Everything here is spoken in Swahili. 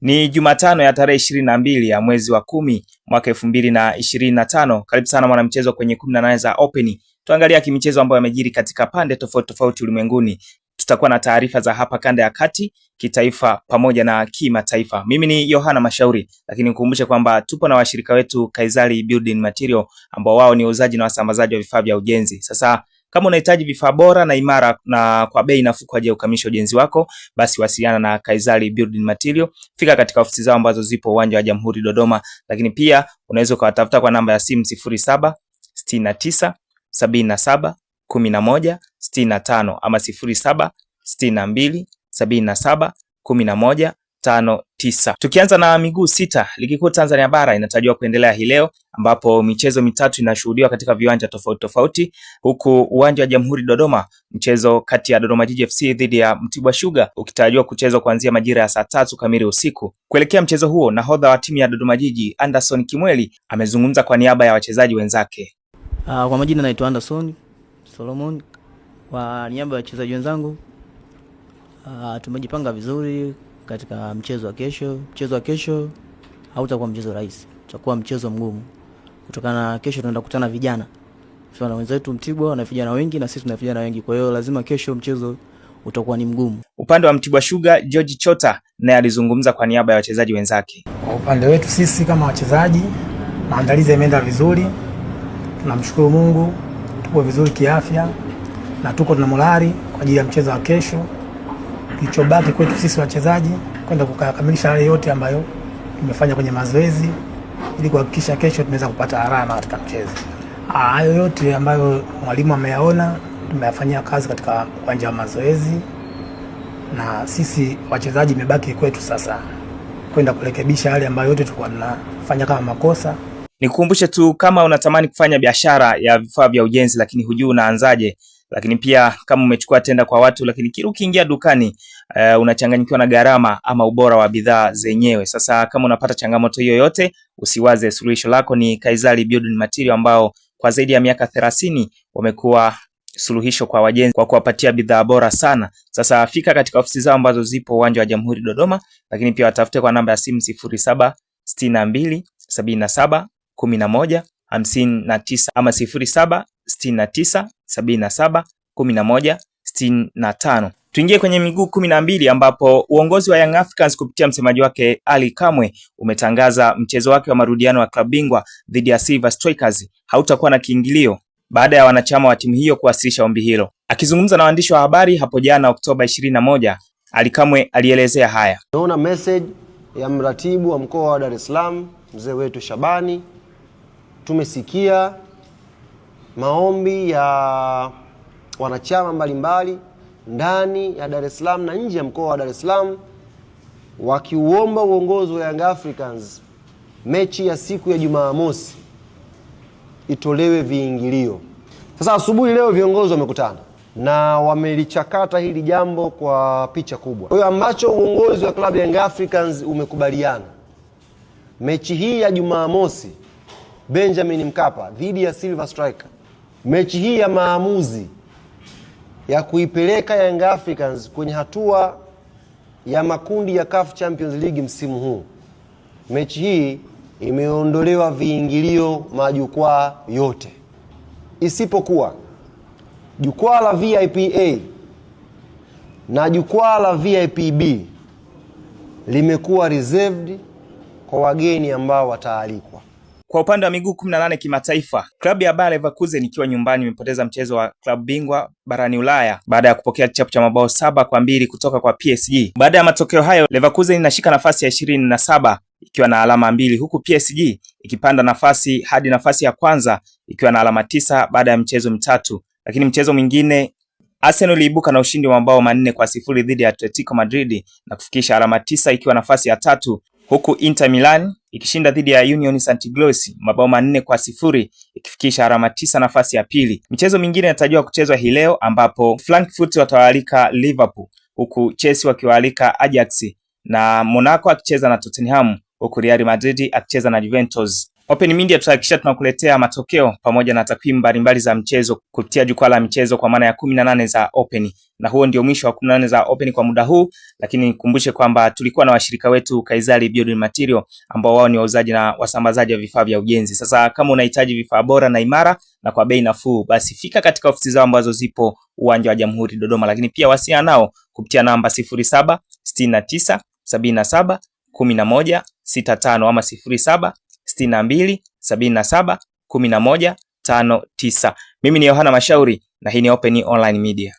Ni Jumatano ya tarehe ishirini na mbili ya mwezi wa kumi mwaka elfu mbili na ishirini na tano. Karibu sana mwanamchezo kwenye kumi na nane za Open, tuangalia kimichezo ambayo yamejiri katika pande tofauti tofauti ulimwenguni. Tutakuwa na taarifa za hapa kanda ya kati, kitaifa pamoja na kimataifa. Mimi ni Yohana Mashauri, lakini nikukumbushe kwamba tupo na washirika wetu Kaizali Building Material ambao wao ni wauzaji na wasambazaji wa vifaa vya ujenzi. Sasa kama unahitaji vifaa bora na imara na kwa bei nafuu kwa ajili ya kukamilisha ujenzi wako, basi wasiliana na Kaizali Building Material. Fika katika ofisi zao ambazo zipo uwanja wa Jamhuri Dodoma, lakini pia unaweza ukawatafuta kwa namba ya simu na moja 77 11 65 ama saba kumi 77 11 tano tisa. Tukianza na miguu sita, ligi kuu Tanzania bara inatarajiwa kuendelea hii leo ambapo michezo mitatu inashuhudiwa katika viwanja tofauti tofauti, huku uwanja wa Jamhuri Dodoma, mchezo kati ya Dodoma Jiji FC dhidi ya Mtibwa Sugar ukitarajiwa kuchezwa kuanzia majira ya saa tatu kamili usiku. Kuelekea mchezo huo, nahodha wa timu ya Dodoma Jiji Anderson Kimweli amezungumza kwa niaba ya wachezaji wenzake. Uh, kwa majina naitwa Anderson Solomon, kwa niaba ya wachezaji wenzangu uh, tumejipanga vizuri katika mchezo wa kesho. Mchezo wa kesho hautakuwa mchezo rahisi, utakuwa mchezo mgumu kutokana na kesho tunaenda kukutana vijana na wenzetu Mtibwa na vijana wengi na sisi tuna vijana wengi, kwa hiyo lazima kesho mchezo utakuwa ni mgumu. Upande wa Mtibwa Sugar, George Chota naye alizungumza kwa niaba ya wachezaji wenzake. Kwa upande wetu sisi kama wachezaji, maandalizi yameenda vizuri, tunamshukuru Mungu, tupo vizuri kiafya na tuko tuna morali kwa ajili ya mchezo wa kesho. Kilichobaki kwetu sisi wachezaji kwenda kukamilisha yale yote ambayo tumefanya kwenye mazoezi ili kuhakikisha kesho tunaweza kupata alama katika mchezo. Ah, hayo yote ambayo mwalimu ameyaona tumeyafanyia kazi katika uwanja wa mazoezi, na sisi wachezaji imebaki kwetu sasa kwenda kurekebisha yale ambayo yote tulikuwa tunafanya kama makosa. Nikukumbushe tu kama unatamani kufanya biashara ya vifaa vya ujenzi, lakini hujui unaanzaje lakini pia kama umechukua tenda kwa watu, lakini kila ukiingia dukani uh, unachanganyikiwa na gharama ama ubora wa bidhaa zenyewe. Sasa kama unapata changamoto hiyo yote, usiwaze, suluhisho lako ni Kaizali Building Material ambao kwa zaidi ya miaka 30 wamekuwa suluhisho kwa wajenzi kwa kuwapatia bidhaa bora sana. Sasa fika katika ofisi zao ambazo zipo uwanja wa Jamhuri Dodoma, lakini pia watafute kwa namba ya simu sifuri saba sitini na mbili sabini na saba kumi na moja hamsini na tisa ama sifuri saba 69, Tuingie kwenye miguu kumi na mbili ambapo uongozi wa Young Africans kupitia msemaji wake Ali Kamwe umetangaza mchezo wake wa marudiano wa klabu bingwa dhidi ya Silver Strikers hautakuwa na kiingilio baada ya wanachama wa timu hiyo kuwasilisha ombi hilo. Akizungumza na waandishi wa habari hapo jana Oktoba 21, Ali Kamwe alielezea haya. Naona message ya mratibu wa mkoa wa Dar es Salaam mzee wetu Shabani, tumesikia maombi ya wanachama mbalimbali ndani ya Dar es Salaam na nje ya mkoa wa Dar es Salaam wakiuomba uongozi wa Young Africans mechi ya siku ya Jumamosi itolewe viingilio. Sasa asubuhi leo viongozi wamekutana na wamelichakata hili jambo kwa picha kubwa. Kwa hiyo ambacho uongozi wa klabu ya Young Africans umekubaliana, mechi hii ya Jumamosi Benjamin Mkapa dhidi ya Silver Striker mechi hii ya maamuzi ya kuipeleka Young Africans kwenye hatua ya makundi ya CAF Champions League msimu huu, mechi hii imeondolewa viingilio majukwaa yote isipokuwa jukwaa la VIP A na jukwaa la VIP B limekuwa reserved kwa wageni ambao wataalikwa. Kwa upande wa miguu 18 kimataifa, klabu ya Bayer Leverkusen ikiwa nyumbani imepoteza mchezo wa klabu bingwa barani Ulaya baada ya kupokea chapu cha mabao saba kwa mbili kutoka kwa PSG. Baada ya matokeo hayo, Leverkusen inashika nafasi ya ishirini na saba ikiwa na alama mbili huku PSG ikipanda nafasi hadi nafasi ya kwanza ikiwa na alama tisa baada ya mchezo mitatu. Lakini mchezo mwingine Arsenal iliibuka na ushindi wa mabao manne kwa sifuri dhidi ya Atletico Madrid na kufikisha alama tisa ikiwa nafasi ya tatu, huku Inter Milan ikishinda dhidi ya Union Saint mabao manne kwa sifuri ikifikisha alama tisa nafasi ya pili. Michezo mingine inatarajiwa kuchezwa hii leo ambapo Frankfurt watawaalika Liverpool huku Chelsea wakiwaalika Ajax na Monaco akicheza na Tottenham huku Real Madrid akicheza na Juventus. Open Media tutahakikisha tunakuletea matokeo pamoja na takwimu mbalimbali za mchezo kupitia jukwaa la michezo kwa maana ya kumi na nane za Open. Na huo ndio mwisho wa kumi na nane za Open kwa muda huu, lakini nikumbushe kwamba tulikuwa na washirika wetu Kaizali Building Material ambao wao ni wauzaji na wasambazaji wa vifaa vya ujenzi. Sasa kama unahitaji vifaa bora na imara na kwa bei nafuu, basi fika katika ofisi zao ambazo zipo uwanja wa Jamhuri Dodoma, lakini pia wasiliana nao kupitia namba 0769771165 ama 07 62 77 11 59. Mimi ni Yohana Mashauri na hii ni Open Online Media.